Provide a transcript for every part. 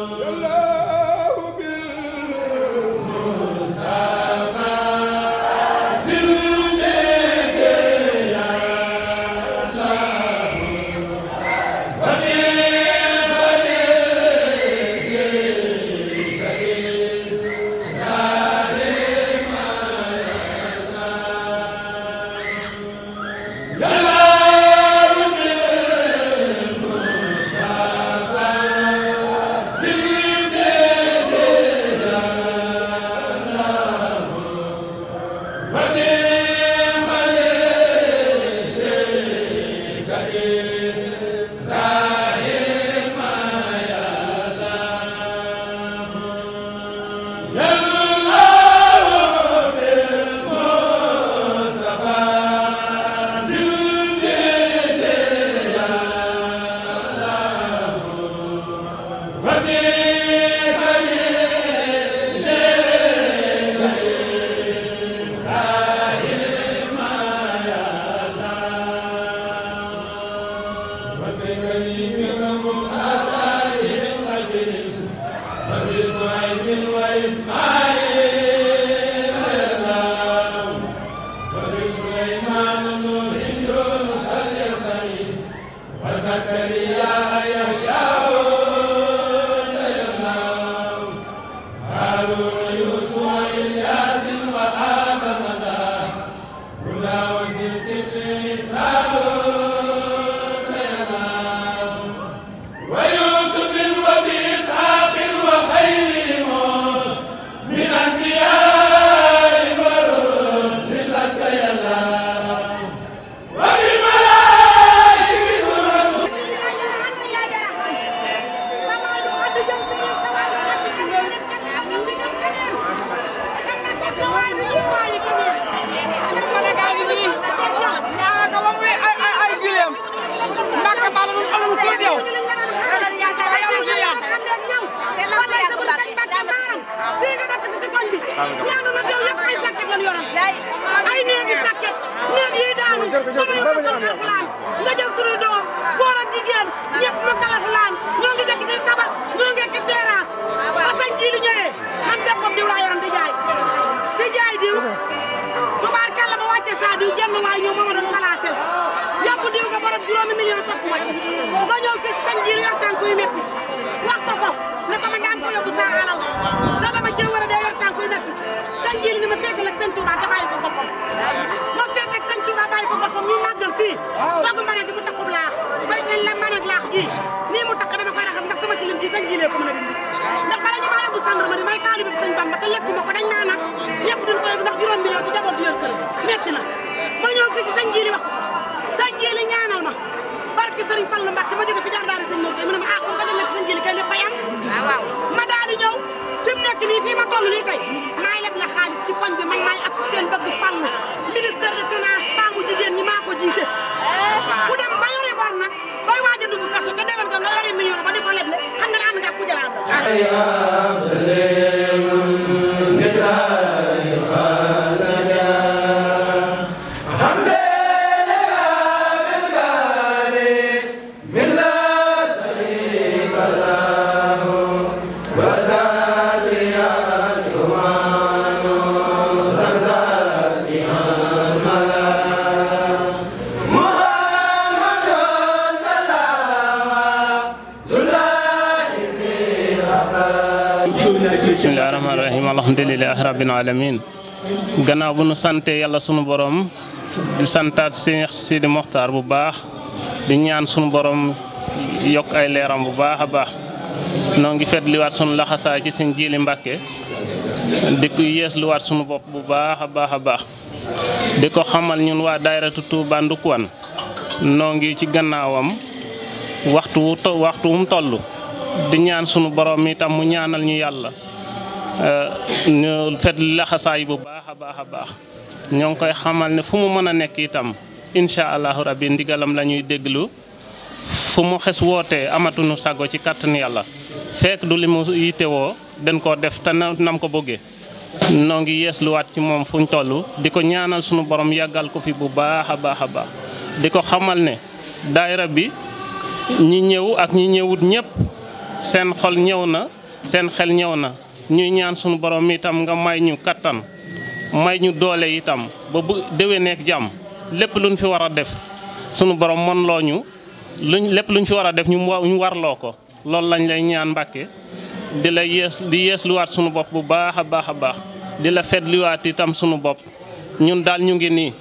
Yàlla Isa daanu na yow yëpp ay sàkket lan yoral ay néegi sàkket néeg yi daanu nga yow makkal alxuraan nga jël suñu doom góor jigéen ñëpp makkal ñoo ngi nekk ci tabax ñoo ngi nekk terrasse asan ji man deppam diw laa yoroon di jaay di jaay diw ba wàcce saa diw jenn waay ñëw mooma doon diw nga borom juróomi million topp ma ci ma ñëw fii ci sañ ji li boppam ma féete ak sëñ Touba bàyyi ko boppam ñu màggal fii toogu mbare gi mu takkub laax bari nañ la mën ak laax gi nii mu takk dama koy raxas ndax sama tilim gi sañ jilee ko a dindi ndax bala ñu maa bu gendarmerie may na ma nga ah, ah, ma daal di ñëw fi fii ma toll nii fang ministère de finance fangu jigéen ñi maa ko jiite. ku dem ba yore bor bay waaj a dugg kaso te demal nga nga yore ba di ko leble xam nga ne nga ak ku bisimilah rahmaani rahiim alhamdulilah rabbil alamin gannaaw bu nu sante yàlla sunu boroom di santaat Sëñ Sidi Moxtaar bu baax di ñaan sunu boroom yokk ay leeram bu baax a baax noo ngi fetliwaat sunu laxasaay ci Sëñ Jili Mbàkke di ko yeesluwaat sunu bopp bu baax a baax a baax di ko xamal ñun waa daayiratu Tuuba Ndukkuwan noo ngi ci gannaawam waxtu wu waxtu toll di ñaan sunu borom itam mu ñaanal ñu yàlla Euh, ñu fet laxasaay bu baax a baax a baax ñoo ngi koy xamal ne fu mu mën a nekk itam incha allahu rabbi ndigalam la ñuy déglu fu mu xes wootee amatuñu sago ci kàttanu yàlla fekk du li mu yitewoo dañ koo def te nam ko bëggee noo ngi yeesluwaat ci moom fuñ toll di ko ñaanal sunu borom yàggal ko fi bu baax a baax a baax di ko xamal ne daayira bi ñi ñëw ak ñi ñëwut ñëpp seen xol ñëw na seen xel ñëw na ñuy ñaan sunu borom itam nga may ñu kattan may ñu doole itam ba bu déwee jàmm lépp luñ fi war a def sunu borom mën loo ñu luñ lépp luñ fi war a def ñu ñu warloo ko loolu lañ lay ñaan Mbàkke di la yees di yeesluwaat sunu bopp bu baax a baax a baax di la fetliwaat itam sunu bopp ñun daal ñu ngi nii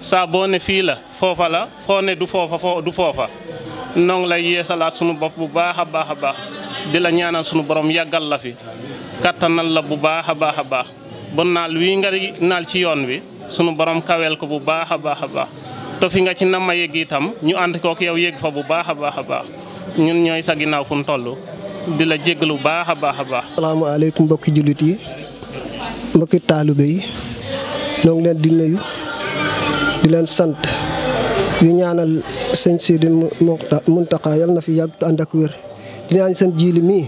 saa ne fii la foofa la foo ne du foofa foo du foofa noo ngi lay yeesalaat sunu bopp bu baax a baax a baax di la ñaanal sunu borom yàggal la fi kattanal la bu baax a baax a baax ba naal wii nga naal ci yoon wi sunu borom kaweel ko bu baax a baax a baax te fi nga ci nam a yëg itam ñu ànd kook yow yëg fa bu baax a baax a baax ñun ñooy sa ginnaaw fu mu di la jéggalu baax a baax a baax. salaamaaleykum mbokki jullit yi mbokki taalibe yi ñoo ngi leen di nuyu di leen sant di ñaanal sëñ Sidi yal na fi yàgg ànd ak wér di ñaan seen jiili mii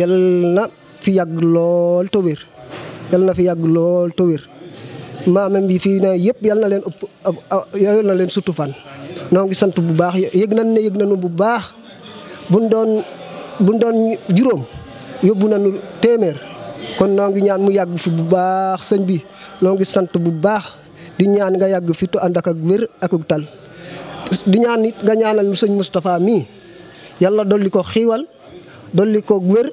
yal na fi yàgg lool te wér na fi yàgg lool te wér maamam bi fii na yëpp yal na leen ëpp yal na leen sutu fan noo ngi sant bu baax yëg nañ ne yëg nañu bu baax buñ doon buñ doon juróom yóbbu na nañu téeméer kon noo ngi ñaan mu yàgg fi bu baax sëñ bi noo ngi sant bu baax di ñaan nga yàgg fi te ànd ak ak wér ak ak tal di ñaan it nga ñaanal nu sëñ mii yàlla dolli ko xiiwal dolli ko wér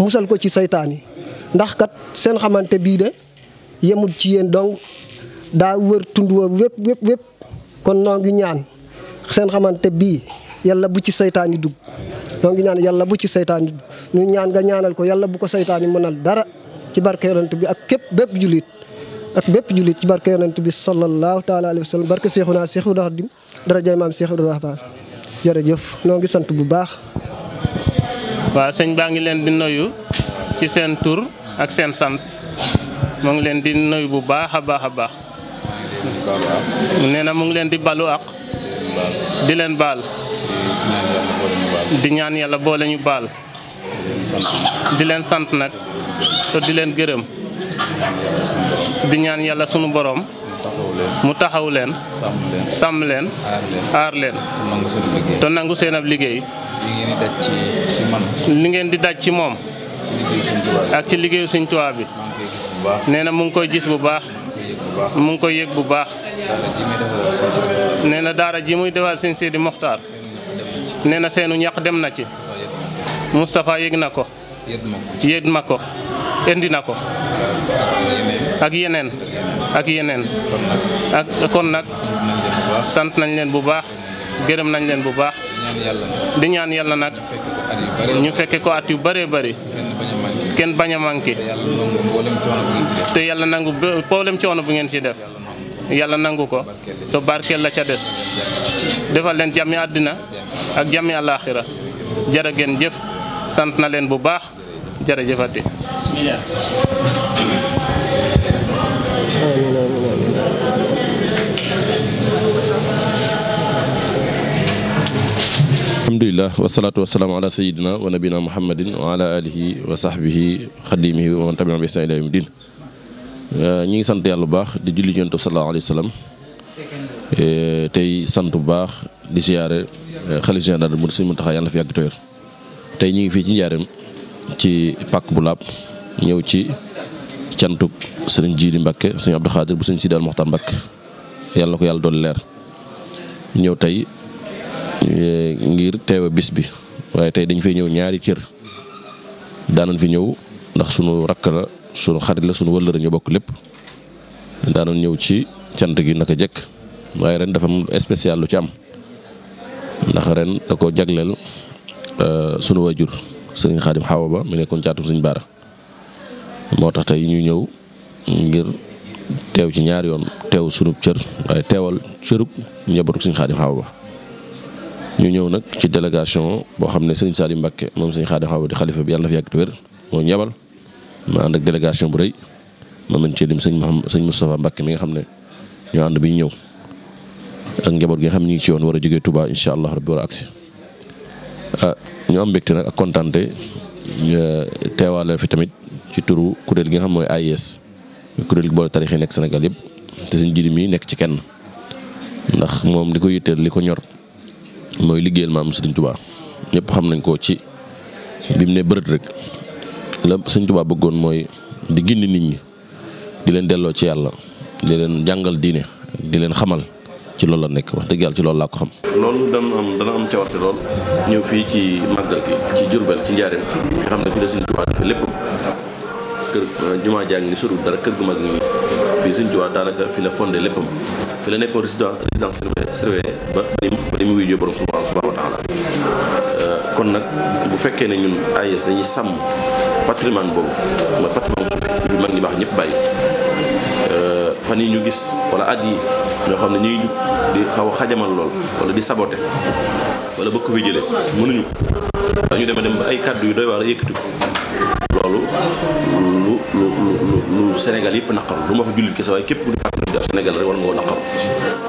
musal ko ci seytaan yi ndax kat seen xamante bii de yemul ci yéen donc daa wër tund woo wépp wépp kon noo ngi ñaan seen xamante bii yàlla bu ci seytaan yi dugg noo ngi ñaan yàlla bu ci seytaan yi dugg ñu ñaan nga ñaanal ko yàlla bu ko seytaan yi mënal dara ci barke yonent bi ak képp bépp jullit ak bépp jullit ci barke yonent bi sallallahu taala alayhi wa sallam barke Seexuna Seexul Xaadim dara jay maam Seexul Rahmaan jërëjëf noo ngi sant bu baax waa sëñ baa ngi leen di nuyu ci seen tur ak seen sant mu ngi leen di nuyu bu baax a baax a baax nee na mu ngi leen di balu ak di leen baal di ñaan yàlla boole ñu baal di leen sant nag te di leen gërëm di ñaan yàlla sunu boroom mu taxaw leen sàmm leen aar leen te nangu seen ab liggéey li ngeen di daj ci moom ak ci liggéeyu Sëñ Tuubaa bi nee na mu ngi koy gis bu baax mu ngi koy yëg bu baax nee na daara ji muy defal Sëñ Sidi Moxtaar nee na seenu ñaq dem na ci Moustapha yëg na ko yëg ma ko indi na ko ak yeneen ak yeneen ak kon nag sant nañ leen bu baax gërëm nañ leen bu baax di ñaan yàlla nag ñu fekke ko at yu bëree bëri kenn bañ a manqué te yàlla nangu problème coono bu ngeen ci def yàlla nangu ko te barkeel la ca des defal leen jàmmi àddina ak jàmmi àllaaxira jërë ngeen jëf sant na leen bu baax jërëjëfati bismillah amin amin amin alhamdulillah wa nabina muhammadin wa ala alihi wa sahbihi xadimihi wa man tabi'a bi ihsan ila yawmi din euh, ñi ngi sant yàlla bu baax di julli yonent sallallahu alayhi wa sallam euh, tey sant bu baax di siyaare euh, xalif général mu Sëriñ yàlla na fi yàgg tey ñu ngi fii ci njaareem ci pàkk bu laab ñëw ci cantuk sëriñ Jiili Mbakke sëriñ Abdou Xaadir bu sëriñ Sidi al Moxtaar Mbakke yàlla ko yàlla doon leer ñëw tey eh, ngir teewe bis bi waaye tey dañ fay ñëw ñaari cër daanañ fi ñëw ndax sunu rakk la sunu xarit la suñu wëllëra ñu bokk lépp daanoon ñëw ci cant gi naka jekk waaye ren dafa am spécial lu ci am ndax ren da ko jagleel eh, sunu waajur sëriñ Xaadim Xawa ba mu nekkoon caatu suñu Baara moo tax tey ñu ñëw ngir teew ci ñaari yoon teew sunub cër waaye teewal cërub njabootu sëñ Xaadim Awa Ba ñu ñëw nag ci délégation boo xam ne sëñ Salim Mbacke moom sëñ Xaadim Awa Ba di xalifa bi yàlla na fi yàgg wér moo ñabal ma ànd ak délégation bu rëy ma mën cee lim sëñ Mouhamed sëñ Moustapha Mbacke mi nga xam ne ñoo ànd bi ñëw ak njaboot gi nga xam ñu ngi ci yoon war a jógee Touba incha allah rabbi war a agsi ah, ñu am mbégte nag ak kontaante eh, teewaale fi tamit ci turu kuréel gi nga xam mooy ay kuréel gi boole tarix nekk senegal yëpp te suñ jirim yi nekk ci kenn ndax moom li ko yitteel li ko ñor mooy liggéeyal maam Sëriñ ñëpp xam nañ ko ci bi ne bërët rek la bëggoon mooy di gindi nit ñi di leen delloo ci yàlla di leen jàngal diine di leen xamal ci loolu la nekk wax dëgg yàlla ci loolu laa ko xam. loolu dana am dana am cawarte lool ñëw fii ci màggal gi ci Jurbel ci Njaaréem nga xam ne fii la Sëriñ Tuubaa def lépp. kër euh, jumaa jaa ngi soriwul dara kër gu mag ngi fii Sëñ Tuubaa daanaka fi la fondé léppam fi la nekkoon résident résidence surveillée ba ba li mu wuy borom subhaana subhaana wa taala euh, kon nag bu fekkee ne ñun AIS dañuy sàmm patrimoine boobu mooy patrimoine suuf bi mag ñi ñëpp bàyyi euh, fan yi ñu gis wala at yi ñoo xam ne ñuy jug di xaw a xajamal lool wala di saboté wala bëgg ko fi jëlee mënuñu dañu dem dem ay kàddu yu doy waar yëkkati ko loolu lu lu lu Sénégal yëpp naqaru lu ma wax jullit kese képp ku di partenaire bi ab Sénégal rek war nga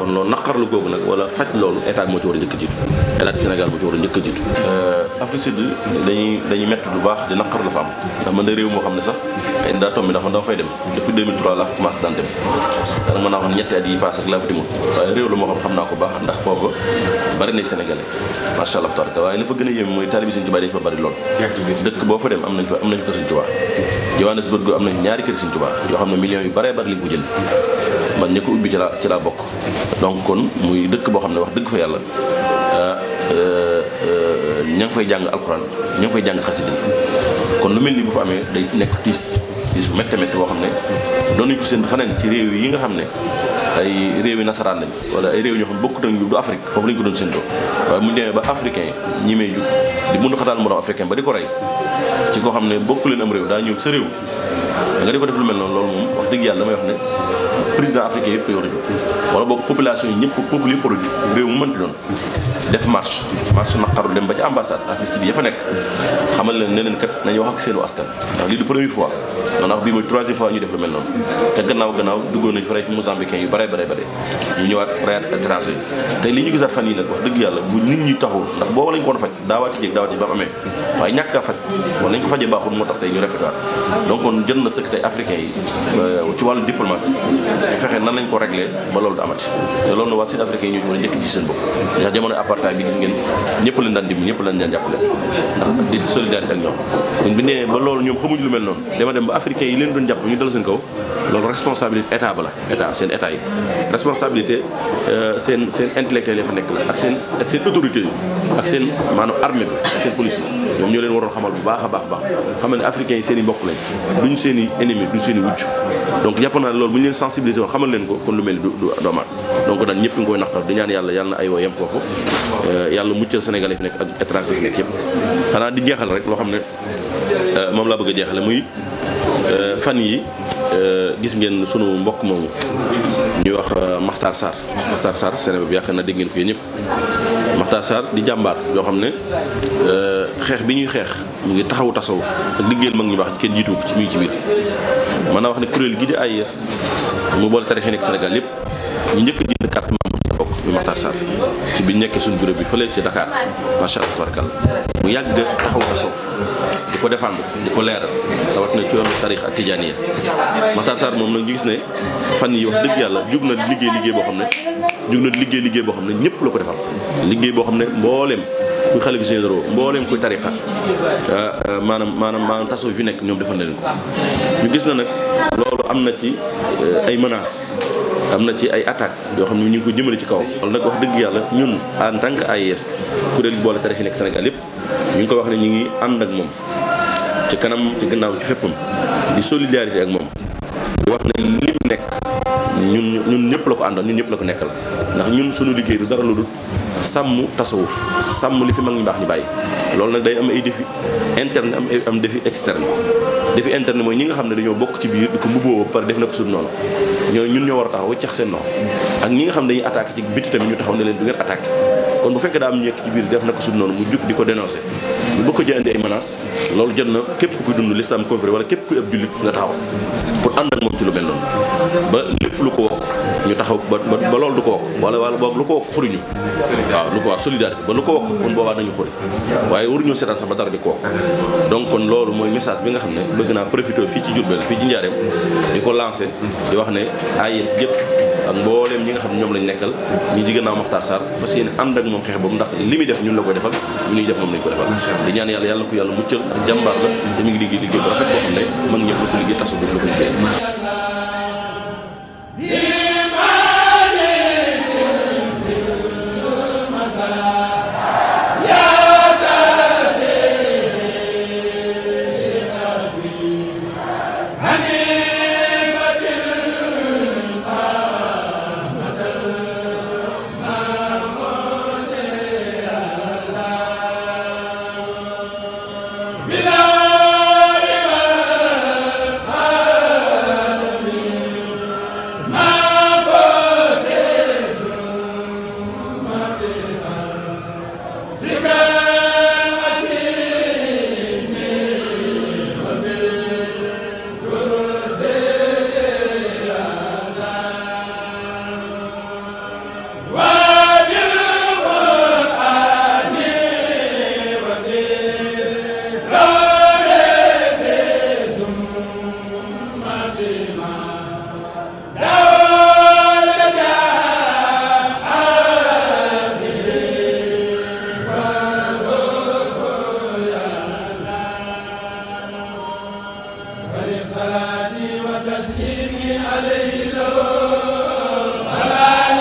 kon loolu naqarlu googu nag wala faj loolu état bi moo ci war a njëkk jiitu état du Sénégal moo ci war njëkk jiitu euh, Afrique Sud dañuy dañuy lu baax di naqar la fa am ndax mën na réew moo xam ne sax xëy na daa tombi ndax man dama fay dem depuis 2003 laa fa commencé daan dem dana mën xam waaye réew la moo xam xam naa ko baax ndax booba bari nay sénégalais macha allah waaye la fa gën a yéeme mooy taalibi Sëñ Tuubaa dañ fa bari lool dëkk boo fa dem am nañ kër Sëñ Tuubaa Johannesburg am nañ ñaari kër Sëñ xam ne millions yu baree bari lañ ko jënd man ñi ko ubbi ci laa ci laa bokk donc kon muy dëkk boo xam ne wax dëgg fa yàlla ah, euh, euh, ña ngi fay jàng alxuraan ña ngi fay jàng xasida kon lu mel ni bu fa amee day nekk tiis tiis bu métti métti boo xam ne doon nañ ko seen xaneen ci réew yi nga xam ne ay réew yi nasaraan lañ wala ay réew ñoo xam bokk nañ du Afrique foofu lañ ko doon séentoo waaye mu demee ba africain ñi may jug di mën xataal moroom africain ba di ko rey ci koo xam ne bokk leen am réew daa ñëw sa réew lu mel noonu loolu wax dëgg yàlla damay wax ne président africain yëpp yor a wala boog population yi ñëpp peuple yi produit réew mu mënti doon def marche marche naqaru dem ba ci ambassade Afrique Sud ya fa nekk xamal leen ne leen kat nañu wax ak seenu askan ndax lii du première fois maanaam wax bii mooy troisième fois ñu def bare bare bare ñu ñëwaat rayaat étranger yi tey li fan yi nag wax dëgg yàlla bu nit ñi taxul ndax booba lañ ko woon faj daawaati jéeg daawaati ba mu amee waaye ñàkk a ñu fexe na lañ ko réglé ba loolu du amati te loolu na waa sud africain yi ñoo mën a njëkk gis seen bopp ndax jamono apartheid bi gis ngeen ñëpp lañ daan dimbali ñëpp lañ daan jàppale ndax di solidarité ak ñoom kon bi nee ba loolu ñoom xamuñu lu mel noonu dama dem ba africain yi leen doon jàpp ñu dal seen kaw loolu responsabilité état ba la état seen état yi responsabilité euh, seen seen intellectuel yi fa nekk la ak seen ak seen autorité yi ak seen maanaam armée bi ñoom ñoo leen waroon xamal bu baax a baax baax xam ne africains yi seen i mbokk lañ duñ seen i ennemi duñ seen i wujj donc jàpp naa loolu bu ñu leen sensibiliser xamal leen ko kon lu mel ni du du donc daal ñëpp nga koy naqar di ñaan yàlla yàlla na ayoo yem foofu euh, yàlla muccal sénégalais fi nekk ak étranger fi di jeexal rek loo xam ne euh, moom laa bëgg a jeexale muy euh, fan yi gis ngeen sunu mbokk moomu ñuy wax Makhtar Sarr Makhtar Sarr Sénégal bi yaakaar na dégg ngeen ko yéen ñëpp Makhtar Sarr di jàmbaar yoo xam ne xeex bi ñuy xeex mu ngi taxawu tasaw ak liggéeyal mag ñu baax kenn jiitu ko ci mi ngi ci biir mën a wax ne kuréel gi di AIS mu boole tarix yi nekk Sénégal yépp ñu njëkk jënd carte membre bi nekkee suñu bureau bi fële ci Dakar macha allah tabarakal mu yàgg taxawu tasawuf di ko défendre di ko leeral rawatina ci yoonu tarix ak tijaaniya Makhtar Sarr moom nag ñu gis ne fan yi wax dëgg yàlla jug na liggéey liggéey boo xam ne jug na liggéey liggéey boo xam ne ñëpp la ko defal liggéey boo xam ne mbooleem ku xalif généraux mbooleem kuy tariqa ah, ah, maanaam maanaam maanaam taso yu nekk ñoom defal na leen ko ñu gis na nag loolu am na ci eh, ay menaces am na ci ay attaques yoo xam ne ñu ngi ko jëmale ci kaw wala nag wax dëgg yàlla ñun en tant que AIS kuréel boole tariqa yi nekk Sénégal yëpp ñu ngi ko wax ne ñu ngi ànd ak moom ci kanam ci gannaaw ci féppam di solidarité ak moom di wax ne ñun ñun ñëpp la ko àndal ñun ñëpp la ko nekkal ndax ñun suñu liggéey du dara lu dul sàmm tasawuf sàmm li fi mag ñu baax ñu bàyyi loolu nag day am ay défi interne am am défi externe défi interne mooy ñi nga xam ne dañoo bokk ci biir di ko mbubboo ba pare def na ko suñu noonu ñoo ñun ñoo war a taxaw wëccax seen noonu ak ñi nga xam ne dañuy attaqué ci biti tamit ñu taxaw ne leen du ngeen attaqué kon bu fekkee daa am ñekk ci biir def na ko suñu noonu mu jug di ko dénoncé boo ko jëlee andi ay menaces loolu jot na képp kuy dund lislaam conféré wala képp kuy ab jullit nga taxaw pour ànd moom ci lu mel noonu ba lépp lu ko ñu taxaw ba ba loolu du ko wokk wala wala boog lu ko wokk xuriñu waaw lu ko waaw solidarité ba lu ko wokk kon boobaa nañu xuri waaye waruñoo seetaan sax ba dara di ko wokk donc kon loolu mooy message bi nga xam ne bëgg naa profité fii ci Diourbel fii ci Njaareem di ko lancé di wax ne AIS yëpp ak mbooleem ñi nga xam ne ñoom lañ nekkal ñi ci gannaaw Makhtar Sarr parce que yéen ànd ak moom xeex boobu ndax li muy def ñun la koy defal ñu ñuy def moom lañ ko defal di ñaan yàlla yàlla ko yàlla muccal ak jàmbaar la te mi ngi salaati wa taslimi alayhi